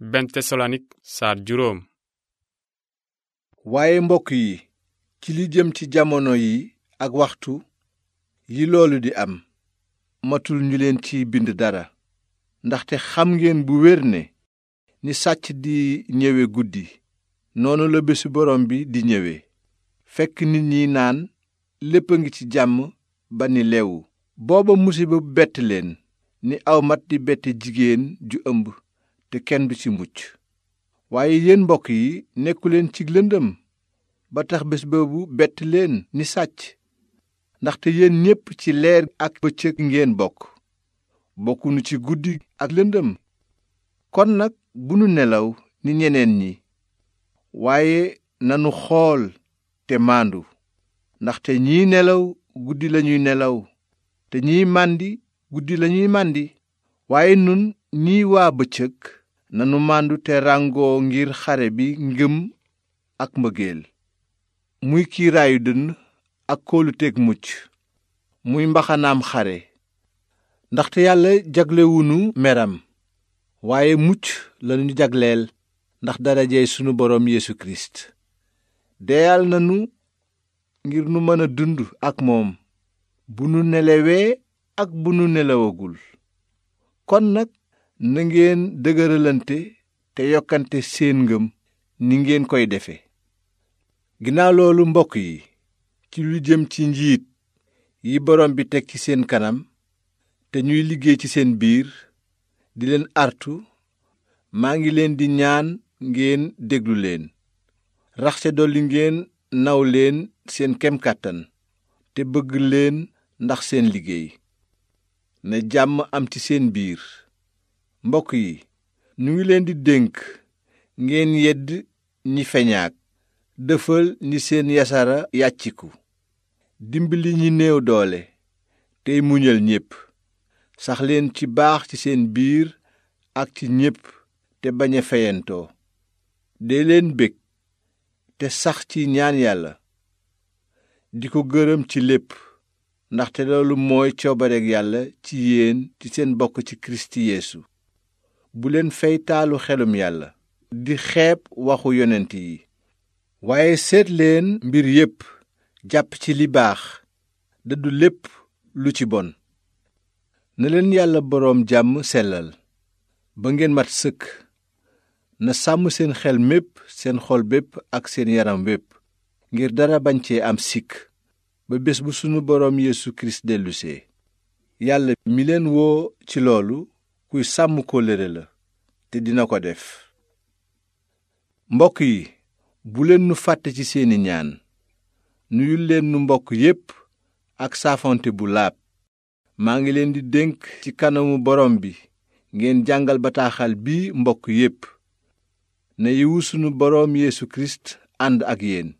benn tesalonik saar juróom waaye mbokk yi ci li jëm ci jamono yi ak waxtu yi loolu di am matul ñu leen ci bind dara ndaxte xam ngeen bu wér ne ni sàcc di ñëwe guddi noonu la bésu borom bi di ñëwe fekk nit ñi naan lépp a ngi ci jàmm ba ni leewu booba musiba bett leen ni aw mat di bette jigéen ju ëmb te kenn du ci mucc waaye yéen mbokk yi nekku leen ci lëndëm ba tax bés boobu bett leen ni sàcc ndaxte yéen ñépp ci leer ak bëccëg ngeen bokk bokkunu ci guddi ak lëndëm kon nag bu nu nelaw ni ñeneen ñi waaye nanu xool te maandu ndaxte ñiy nelaw guddi lañuy nelaw te ñiy màndi guddi lañuy màndi waaye nun ñiy waa bëccëg nanu màndu te ràngoo ngir xare bi ngëm ak mbëggeel muy kiiraayu dënn ak kóoluteeg mucc muy mbaxanaam xare ndaxte yàlla jaglewuñu meram waaye mucc lañu jagleel ndax darajey sunu boroom Yeesu Kirist deyal nanu ngir nu mëna a dund ak moom bu nu nelawee ak bu nu nelawagul kon nag na ngeen dëgëralante te yokkante seen ngëm ni ngeen koy defe ginnaaw loolu mbokk yi ci lu jëm ci njiit yi borom bi teg ci seen kanam te ñuy liggéey ci seen biir di leen artu maa ngi leen di ñaan ngeen déglu leen rax ca dolli ngeen naw leen seen kem kàttan te bëgg leen ndax seen liggéey na jàmm am ci seen biir mbokk yi ñu ngi leen di dénk ngeen yedd ñi feñaak dëfal ñi seen yasara yàcciku dimbali ñi néew doole tey muñal ñépp sax leen ci baax ci seen biir ak ci ñépp te bañ a feyantoo dee leen bég te sax ci ñaan yàlla di ko gërëm ci lépp ndaxte loolu mooy coobareg yàlla ci yéen ci seen bokk ci Kirist yéesu bu leen fey taalu xelum yàlla di xeeb waxu yonent yi waaye seet leen mbir yépp jàpp ci li baax dëddu lépp lu ci bon na leen yàlla boroom jàmm sellal ba ngeen mat sëkk na sàmm seen xel mépp seen xol bépp ak seen yaram wépp ngir dara bañ cee am sikk ba bés bu sunu boroom Yeesu Kirist dellusee yàlla mi leen woo ci loolu kuy sàmm kóllëre la te dina ko def mbokk yi buleen nu fàtte ci seeni ñaan nuyul leen nu mbokk yépp ak saafante bu laab maa ngi leen di dénk ci kanamu borom bi ngeen jàngal bataaxal bi mbokk yépp ne yiwu sunu borom yéesu Kirist ànd ak yéen